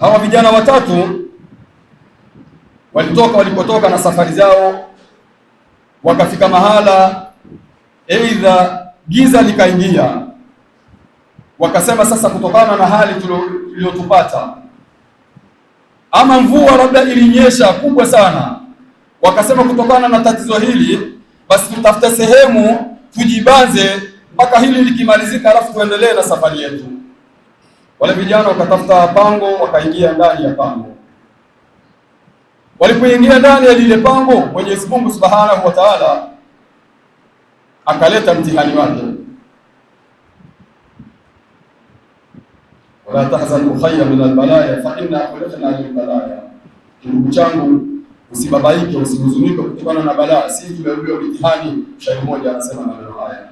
Hawa vijana watatu walitoka walipotoka na safari zao, wakafika mahala, aidha giza likaingia, wakasema sasa, kutokana na hali tuliyotupata, ama mvua labda ilinyesha kubwa sana, wakasema kutokana na tatizo hili, basi tutafute sehemu tujibaze mpaka hili likimalizika, alafu tuendelee na safari yetu. Wale vijana wakatafuta pango, wakaingia ndani ya pango. Walipoingia ndani ya lile pango, Mwenyezi Mungu Subhanahu wa Ta'ala akaleta mtihani wake, wala tahzan ukhayya min albalaya fa inna khuliqna lil ndugu changu usibabaike, usihuzunike kutokana na balaa, si tumerudiwa mtihani. Shairi mmoja anasema maneno haya.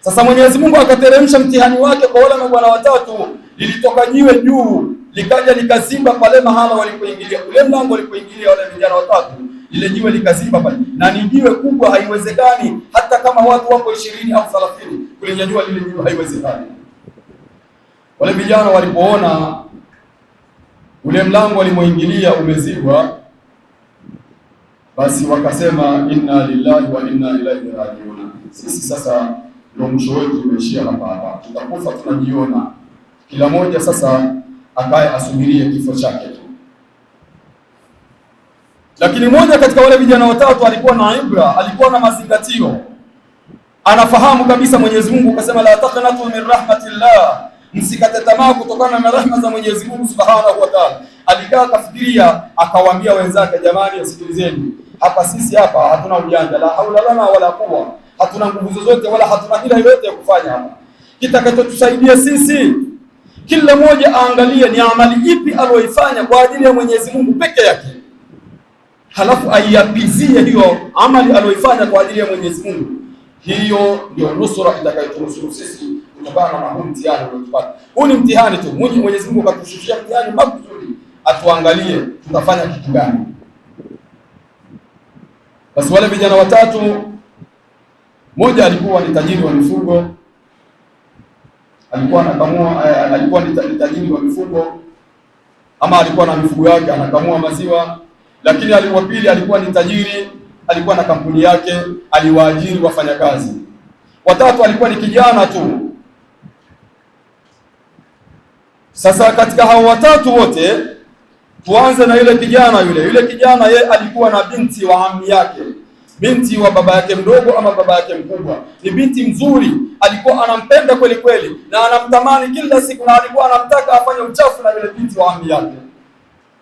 Sasa Mwenyezi Mungu akateremsha mtihani wake kwa wale mabwana watatu lilitoka jiwe juu likaja likazimba pale mahala walipoingilia ule mlango walipoingilia wale vijana watatu, lile jiwe likazimba pale, na ni jiwe kubwa, haiwezekani hata kama watu wako ishirini au thelathini kulinyanyua lile jiwe, haiwezekani. Wale vijana walipoona ule mlango walimoingilia umezibwa, basi wakasema inna lillahi wa inna ilaihi rajiun. Sisi sasa ndio mwisho wetu umeishia hapa hapa, tutakufa tunajiona kila mmoja sasa akae asubirie kifo chake. Lakini mmoja katika wale vijana watatu alikuwa na ibra, alikuwa na mazingatio, anafahamu kabisa Mwenyezi Mungu akasema, la taqnatu min rahmatillah, msikate tamaa kutokana na rahma za Mwenyezi Mungu subhanahu wa ta'ala. Alikaa akafikiria, akawaambia wenzake, jamani, asikilizeni hapa, sisi hapa hatuna ujanja, la haula lana wala quwwa, hatuna nguvu zozote wala hatuna hila yoyote ya kufanya hapa. Kitakachotusaidia sisi kila mmoja aangalie ni amali ipi aliyoifanya kwa ajili ya Mwenyezi Mungu peke yake, halafu aiapizie hiyo amali aliyoifanya kwa ajili ya Mwenyezi Mungu. Hiyo ndio nusura itakayotunusuru sisi kutokana na huu mtihani uliotupata. Huu ni mtihani tu, Mwenyezi Mungu akatushushia mtihani makusudi atuangalie tutafanya kitu gani. Basi wale vijana watatu, mmoja alikuwa ni tajiri wa mifugo alikuwa anakamua, eh, alikuwa ni tajiri wa mifugo ama alikuwa na mifugo yake anakamua maziwa, lakini wa pili alikuwa ni tajiri, alikuwa na kampuni yake, aliwaajiri wafanyakazi. Watatu alikuwa ni kijana tu. Sasa katika hao watatu wote, tuanze na yule kijana yule. Yule kijana ye alikuwa na binti wa ami yake binti wa baba yake mdogo ama baba yake mkubwa. Ni binti mzuri, alikuwa anampenda kweli kweli na anamtamani kila siku, na alikuwa anamtaka afanye uchafu na yule binti wa ami yake.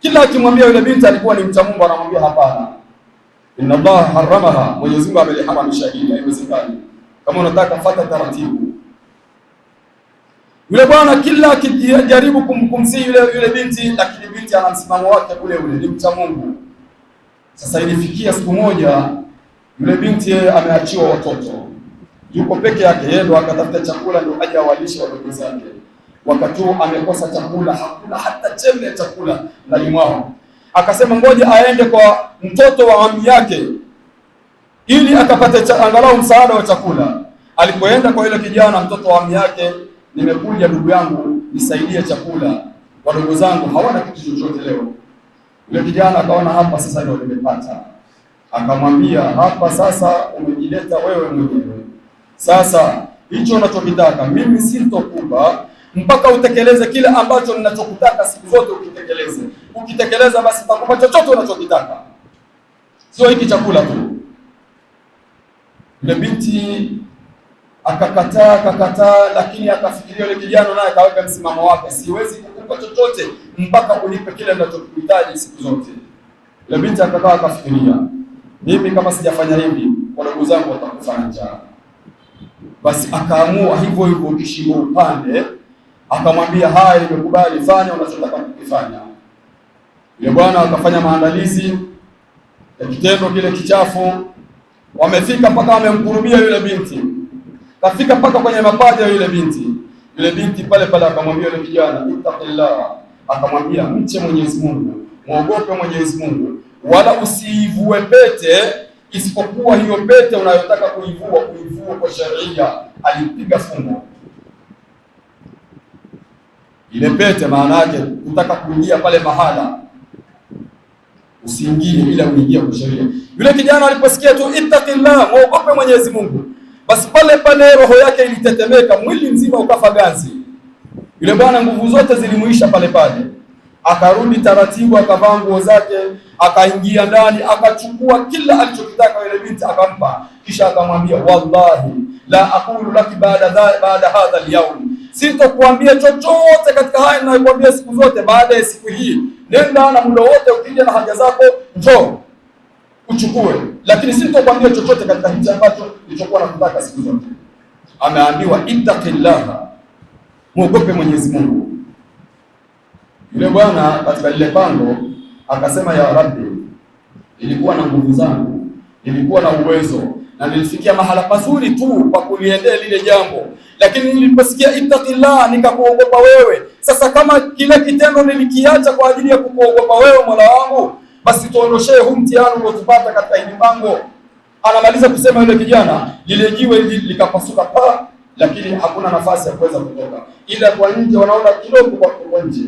Kila akimwambia yule binti alikuwa ni mcha Mungu, anamwambia hapana, inna Allah haramaha, Mwenyezi Mungu ameliharamisha hili, haiwezekani. Kama unataka fata taratibu. Yule bwana kila akijaribu kumkumsii yule yule binti, lakini binti ana msimamo wake ule ule, ni mcha Mungu. Sasa ilifikia siku moja yule binti yeye ameachiwa watoto, yuko peke yake, yeye ndo akatafuta chakula ndio aje awalishe wadogo zake. Wakati huo amekosa chakula, hakuna hata chembe ya chakula ndani mwao. Akasema ngoja aende kwa mtoto wa ami yake ili akapate angalau msaada wa chakula. Alipoenda kwa yule kijana, mtoto wa ami yake, nimekuja ndugu yangu, nisaidie chakula, wadogo zangu hawana kitu chochote leo. Yule kijana akaona hapa sasa ndio nimepata akamwambia, hapa sasa umejileta wewe mwenyewe. Sasa hicho unachokitaka mimi sintokupa mpaka utekeleze kile ambacho ninachokutaka siku zote ukitekeleze. Ukitekeleza basi takupa chochote unachokitaka, sio hiki chakula tu. Yule binti akakataa akakataa, lakini akafikiria yule kijana naye akaweka msimamo wake, siwezi kukupa chochote mpaka unipe kile ninachokuhitaji siku zote. Yule binti akakaa akafikiria mimi kama sijafanya hivi wadogo zangu watakufanya njaa. Basi akaamua hivyo hivyo kishimo upande, akamwambia haya, nimekubali, fanya unachotaka kukifanya. Yule bwana akafanya maandalizi ya kitendo kile kichafu, wamefika mpaka wamemkurubia yule binti, kafika mpaka kwenye mapaja ya yule binti. Yule binti pale pale akamwambia yule kijana, ittaqillah, akamwambia mche Mwenyezi Mungu, muogope Mwenyezi Mungu wala usiivue pete isipokuwa hiyo pete unayotaka kuivua kuivua kwa sharia. Alipiga fungu ile pete, maana yake kutaka kuingia pale mahala usiingie ila kuingia kwa sharia. Yule kijana aliposikia tu ittaqillah, muogope Mwenyezi Mungu, basi pale pale roho yake ilitetemeka, mwili mzima ukafa ganzi. Yule bwana nguvu zote zilimuisha pale pale. Akarudi taratibu, akavaa nguo zake, akaingia ndani, akachukua kila alichokitaka yule binti akampa, kisha akamwambia, wallahi la aqulu laki baada baada hadha alyaum, sitokuambia chochote katika haya ninayokuambia siku zote baada ya siku hii. Nenda na muda wote, ukija na haja zako njoo uchukue, lakini sitokuambia chochote katika hicho ambacho nilichokuwa nakutaka siku zote. Ameambiwa ittaqillaha, muogope Mwenyezi Mungu yule bwana katika lile pango akasema, ya Rabbi, ilikuwa na nguvu zangu, ilikuwa na uwezo na nilifikia mahala pazuri tu pa kuliendea lile jambo, lakini niliposikia ittaqillah, nikakuogopa wewe. Sasa kama kile kitendo nilikiacha kwa ajili ya kukuogopa wewe, Mola wangu, basi tuondoshee huu mtihani uliotupata katika hili pango. Anamaliza kusema yule kijana, lile jiwe likapasuka pa, lakini hakuna nafasi ya kuweza kutoka, ila kwa nje wanaona kidogo kwa nje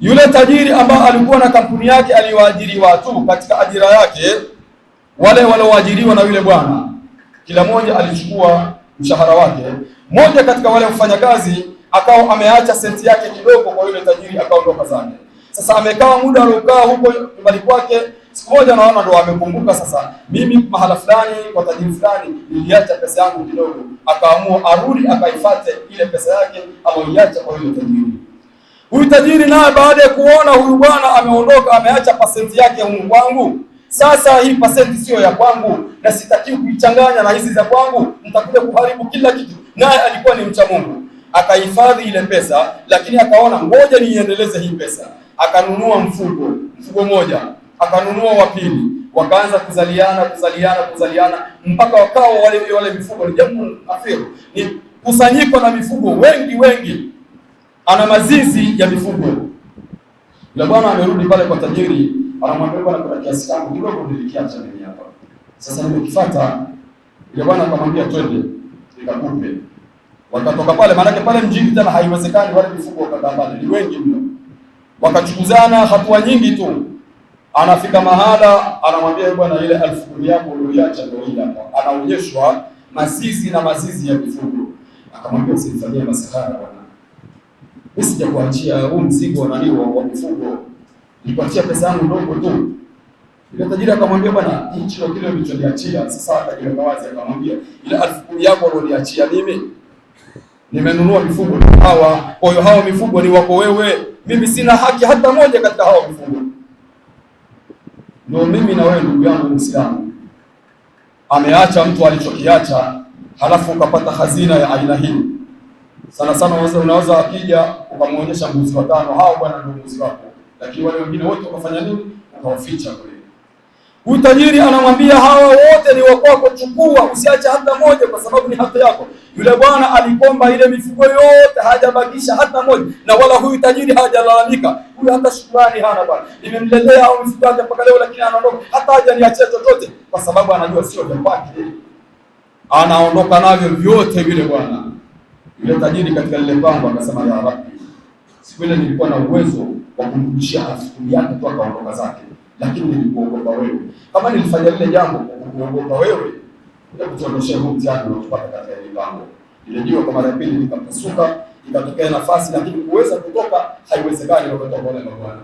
yule tajiri ambaye alikuwa na kampuni yake aliwaajiri watu katika ajira yake, wale walioajiriwa na yule bwana, kila mmoja alichukua mshahara wake. Mmoja katika wale wafanyakazi akawa ameacha senti yake kidogo kwa yule tajiri, akaondoka zake. Sasa amekaa muda aliokaa huko nyumbani kwake, siku moja naona ndo amekumbuka sasa, mimi mahala fulani kwa tajiri fulani niliacha pesa yangu kidogo. Akaamua arudi akaifate ile pesa yake aliyoiacha kwa yule tajiri. Huyu tajiri naye baada ya kuona huyu bwana ameondoka, ameacha pasenti yake ya Mungu wangu, sasa hii pasenti siyo ya kwangu na sitaki kuichanganya na hizi za kwangu, nitakuja kuharibu kila kitu. Naye alikuwa ni mcha Mungu, akahifadhi ile pesa, lakini akaona ngoja niiendeleze hii pesa. Akanunua mfugo, mfugo moja, akanunua wa pili, wakaanza kuzaliana kuzaliana kuzaliana mpaka wakawa wale wale mifugo ni jamu afiru ni kusanyiko na mifugo wengi wengi ana mazizi ya mifugo. Yule bwana amerudi pale kwa tajiri, anamwambia bwana, kuna kiasi changu kidogo nilikiacha mimi hapa. Sasa nimekifuata. Yule bwana akamwambia twende nikakupe. Wakatoka pale, maanake pale mjini tena haiwezekani wale mifugo wakakaa pale, ni wengi mno. Wakachukuzana hatua nyingi tu. Anafika mahala anamwambia bwana, ile elfu kumi yako uliyoiacha ndio ile hapo. Anaonyeshwa mazizi na mazizi ya mifugo. Akamwambia usifanyie masahara bwana mimi sijakuachia huu mzigo wa nani wa mfugo, nilikuachia pesa yangu ndogo tu. Ile tajiri akamwambia, bwana, hicho kile kile ulichoniachia. Sasa akajiweka wazi, akamwambia, ile elfu kumi yako ulioniachia mimi nimenunua mifugo hawa, kwa hiyo hawa mifugo ni wako wewe, mimi sina haki hata moja katika hawa mifugo. Ndio mimi na wewe ndugu yangu Muislamu, ameacha mtu alichokiacha, halafu ukapata hazina ya aina hii sana sana, unaweza akija ukamwonyesha mbuzi watano, hao bwana ndio mbuzi wako, lakini wale wengine wote wakafanya nini? Ukawaficha kule. Huyu tajiri anamwambia hawa wote ni wa kwako, chukua, usiache hata moja, kwa sababu ni hata yako. Yule bwana alikomba ile mifugo yote, hajabakisha hata moja, na wala huyu tajiri hajalalamika. Huyu hata shukrani hana, bwana, nimemlelea au mifugo yake mpaka leo, lakini anaondoka, hata hajaniachia chochote, kwa sababu anajua sio vya kwake, anaondoka navyo vyote vile, bwana yule tajiri katika lile pango akasema, la rabbi, siku ile nilikuwa na uwezo wa kumrudishia askuli yake tu akaondoka zake, lakini nilikuogopa wewe. Kama nilifanya lile jambo kwa kuogopa wewe, ndio nitakutondoshea huu mtihani kupata katika lile pango. Ile jiwe kwa mara ya pili nikapasuka, ikatokea nafasi, lakini kuweza kutoka haiwezekani. Wakati wa wale mabwana.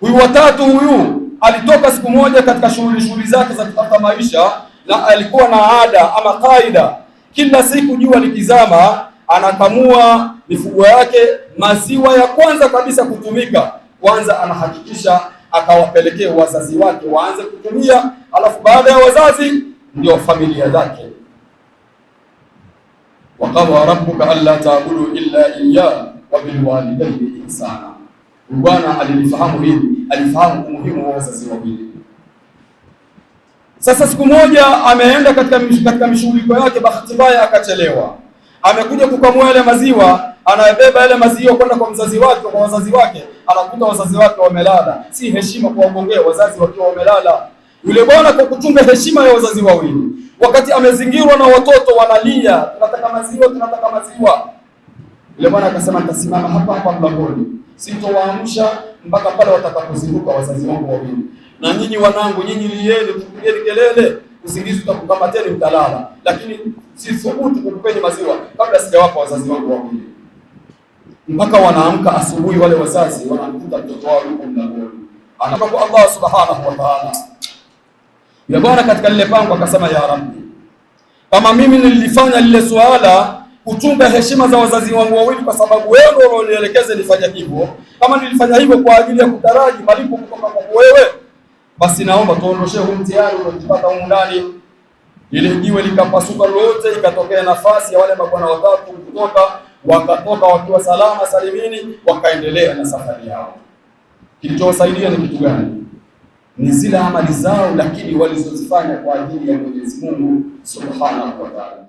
Huyu watatu huyu alitoka siku moja katika shughuli shughuli zake za kutafuta maisha, na alikuwa na ada ama kaida kila siku jua likizama, anakamua mifugo yake, maziwa ya kwanza kabisa kutumika, kwanza anahakikisha akawapelekea wazazi wake waanze kutumia, alafu baada ya wazazi ndio familia zake. Waqadha rabbuka alla ta'budu illa iyya wa bil walidayni ihsana. Bwana alilifahamu hili, alifahamu umuhimu wa wazazi wawili sasa siku moja ameenda katika katika mishughuliko yake, bahati mbaya akachelewa, amekuja kukamua yale maziwa, anayebeba yale maziwa kwenda kwa mzazi wake, kwa wazazi wake, anakuta wazazi wake wamelala. Si heshima kuwagongea wazazi wakiwa wamelala. Yule bwana kwa kuchunga heshima ya wazazi wawili, wakati amezingirwa na watoto wanalia, tunataka maziwa, tunataka maziwa. Yule bwana akasema, nitasimama hapa hapa mlangoni, sitowaamsha mpaka pale watakapozinduka wazazi wangu wawili. Na nyinyi wanangu, nyinyi lieni, mtupigeni kelele, usingizi utakukamateni, mtalala. Lakini sithubutu kukupeni maziwa kabla sijawapa wazazi wangu wawili. Mpaka wanaamka asubuhi, wale wazazi wanamkuta mtoto wao yuko mlangoni, anamwomba Allah subhanahu wa ta'ala. Ya Bwana katika lile pango akasema, ya Rabbi, kama mimi nilifanya lile suala kutunga heshima za wazazi wangu wawili kwa sababu wewe ulionielekeza nifanye hivyo, kama nilifanya hivyo kwa ajili ya kutaraji malipo kutoka kwa wewe basi naomba tuondoshee huu mtihani unaojipata huko ndani, ili jiwe likapasuka lote, ikatokea nafasi ya wale mabwana watatu kutoka, wakatoka wakiwa salama salimini, wakaendelea na safari yao. Kilichowasaidia ni kitu gani? Ni zile amali zao, lakini walizozifanya kwa ajili ya Mwenyezi Mungu Subhanahu wa Ta'ala.